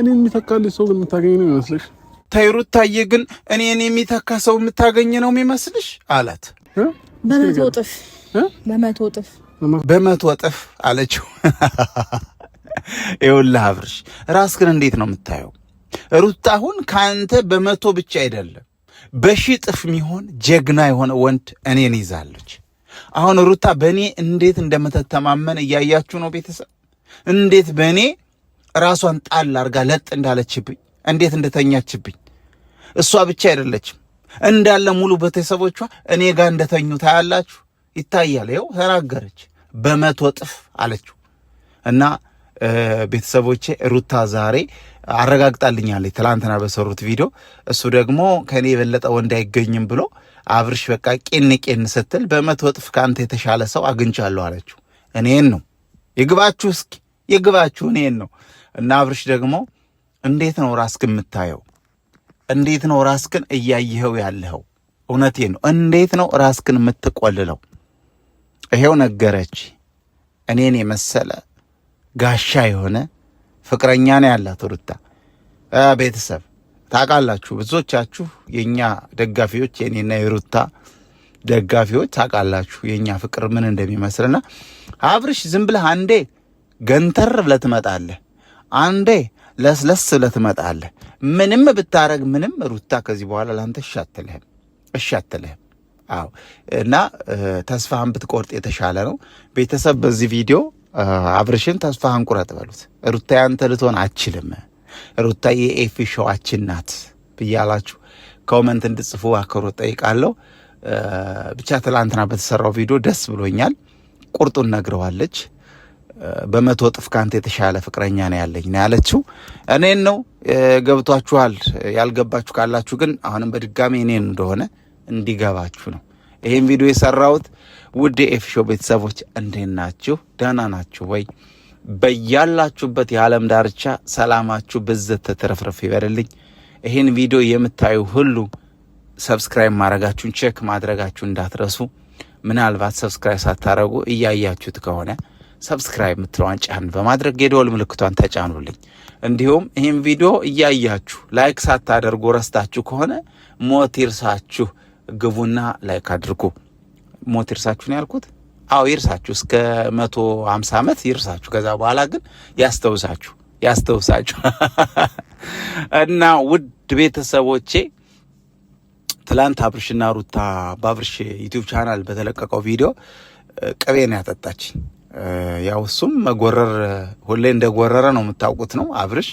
እኔ የሚተካልሽ ሰው የምታገኝ ነው ይመስልሽ? ተይሩት ታየ ግን እኔን የሚተካ ሰው የምታገኝ ነው የሚመስልሽ አላት። በመቶ እጥፍ በመቶ እጥፍ በመቶ እጥፍ አለችው። ይኸውልህ አብርሽ ራስህን እንዴት ነው የምታየው? ሩታ አሁን ከአንተ በመቶ ብቻ አይደለም በሺ ጥፍ የሚሆን ጀግና የሆነ ወንድ እኔን ይዛለች። አሁን ሩታ በእኔ እንዴት እንደምትተማመን እያያችሁ ነው ቤተሰብ እንዴት በእኔ ራሷን ጣል አርጋ ለጥ እንዳለችብኝ እንዴት እንደተኛችብኝ። እሷ ብቻ አይደለችም እንዳለ ሙሉ ቤተሰቦቿ እኔ ጋር እንደተኙ ታያላችሁ፣ ይታያል። ይኸው ተናገረች፣ በመቶ ጥፍ አለችው እና ቤተሰቦቼ ሩታ ዛሬ አረጋግጣልኛለች፣ ትላንትና በሰሩት ቪዲዮ። እሱ ደግሞ ከእኔ የበለጠ ወንድ አይገኝም ብሎ አብርሽ በቃ ቄን ቄን ስትል በመቶ ወጥፍ ከአንተ የተሻለ ሰው አግኝቻለሁ አለችው። እኔን ነው የግባችሁ፣ እስኪ የግባችሁ እኔን ነው። እና አብርሽ ደግሞ እንዴት ነው ራስክን የምታየው? እንዴት ነው ራስክን እያየኸው ያለኸው? እውነቴ ነው። እንዴት ነው ራስክን የምትቆልለው? ይሄው ነገረች። እኔን የመሰለ ጋሻ የሆነ ፍቅረኛ ነው ያላት ሩታ። ቤተሰብ ታውቃላችሁ፣ ብዙዎቻችሁ የእኛ ደጋፊዎች፣ የእኔና የሩታ ደጋፊዎች ታውቃላችሁ የእኛ ፍቅር ምን እንደሚመስልና አብርሽ ዝም ብለህ አንዴ ገንተር ብለህ ትመጣለህ። አንዴ ለስለስ ብለህ ትመጣለህ። ምንም ብታረግ ምንም ሩታ ከዚህ በኋላ ለአንተ እሻትልህም እሻትልህም። አዎ እና ተስፋህን ብትቆርጥ የተሻለ ነው። ቤተሰብ በዚህ ቪዲዮ አብርሽን ተስፋህን ቁረጥ በሉት። ሩታ ያንተ ልትሆን አችልም፣ ሩታ የኤፊ ሸዋችን ናት ብያላችሁ ኮመንት እንድጽፉ አክብሮት ጠይቃለሁ። ብቻ ትላንትና በተሰራው ቪዲዮ ደስ ብሎኛል። ቁርጡን ነግረዋለች። በመቶ እጥፍ ካንተ የተሻለ ፍቅረኛ ነው ያለኝ ነው ያለችው። እኔን ነው ገብቷችኋል። ያልገባችሁ ካላችሁ ግን አሁንም በድጋሚ እኔን እንደሆነ እንዲገባችሁ ነው ይህን ቪዲዮ የሰራሁት። ውድ ኤፍሾ ቤተሰቦች እንዴት ናችሁ? ደህና ናችሁ ወይ? በያላችሁበት የዓለም ዳርቻ ሰላማችሁ ብዝት ተትረፍረፍ ይበልልኝ። ይህን ቪዲዮ የምታዩ ሁሉ ሰብስክራይብ ማድረጋችሁን ቼክ ማድረጋችሁን እንዳትረሱ። ምናልባት ሰብስክራይብ ሳታረጉ እያያችሁት ከሆነ ሰብስክራይብ የምትለዋን ጫን በማድረግ የደወል ምልክቷን ተጫኑልኝ። እንዲሁም ይህም ቪዲዮ እያያችሁ ላይክ ሳታደርጉ ረስታችሁ ከሆነ ሞት ይርሳችሁ ግቡና ላይክ አድርጉ። ሞት ይርሳችሁ ነው ያልኩት? አዎ ይርሳችሁ፣ እስከ መቶ ሃምሳ ዓመት ይርሳችሁ። ከዛ በኋላ ግን ያስተውሳችሁ፣ ያስተውሳችሁ እና ውድ ቤተሰቦቼ ትላንት አብርሽና ሩታ በአብርሽ ዩቲዩብ ቻናል በተለቀቀው ቪዲዮ ቅቤን ያጠጣችኝ ያው እሱም መጎረር ሁሌ እንደጎረረ ነው የምታውቁት ነው። አብርሽ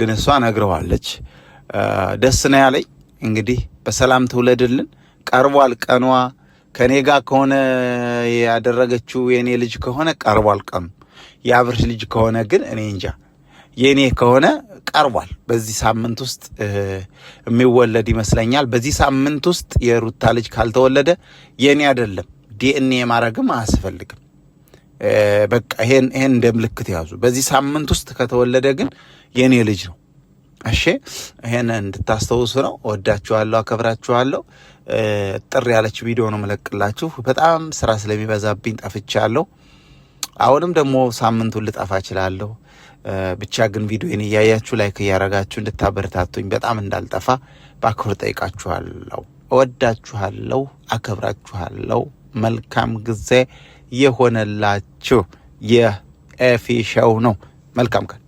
ግን እሷ ነግረዋለች። ደስ ነው ያለኝ። እንግዲህ በሰላም ትውለድልን። ቀርቧል ቀኗ። ከእኔ ጋር ከሆነ ያደረገችው የእኔ ልጅ ከሆነ ቀርቧል ቀኑ። የአብርሽ ልጅ ከሆነ ግን እኔ እንጃ። የእኔ ከሆነ ቀርቧል። በዚህ ሳምንት ውስጥ የሚወለድ ይመስለኛል። በዚህ ሳምንት ውስጥ የሩታ ልጅ ካልተወለደ የእኔ አይደለም። ዲኤንኤ ማድረግም አያስፈልግም። በቃ ይሄን ይሄን እንደ ምልክት ያዙ። በዚህ ሳምንት ውስጥ ከተወለደ ግን የእኔ ልጅ ነው። እሺ ይሄን እንድታስተውሱ ነው። ወዳችኋለሁ፣ አከብራችኋለሁ። ጥር ያለች ቪዲዮ ነው መለቅላችሁ። በጣም ስራ ስለሚበዛብኝ ጠፍቻለሁ። አሁንም ደግሞ ሳምንቱን ልጠፋ እችላለሁ። ብቻ ግን ቪዲዮን እያያችሁ ላይክ እያረጋችሁ እንድታበረታቱኝ በጣም እንዳልጠፋ በአክብር ጠይቃችኋለሁ። እወዳችኋለሁ፣ አከብራችኋለሁ። መልካም ጊዜ የሆነላችሁ የኤፊ ሸው ነው። መልካም ቀን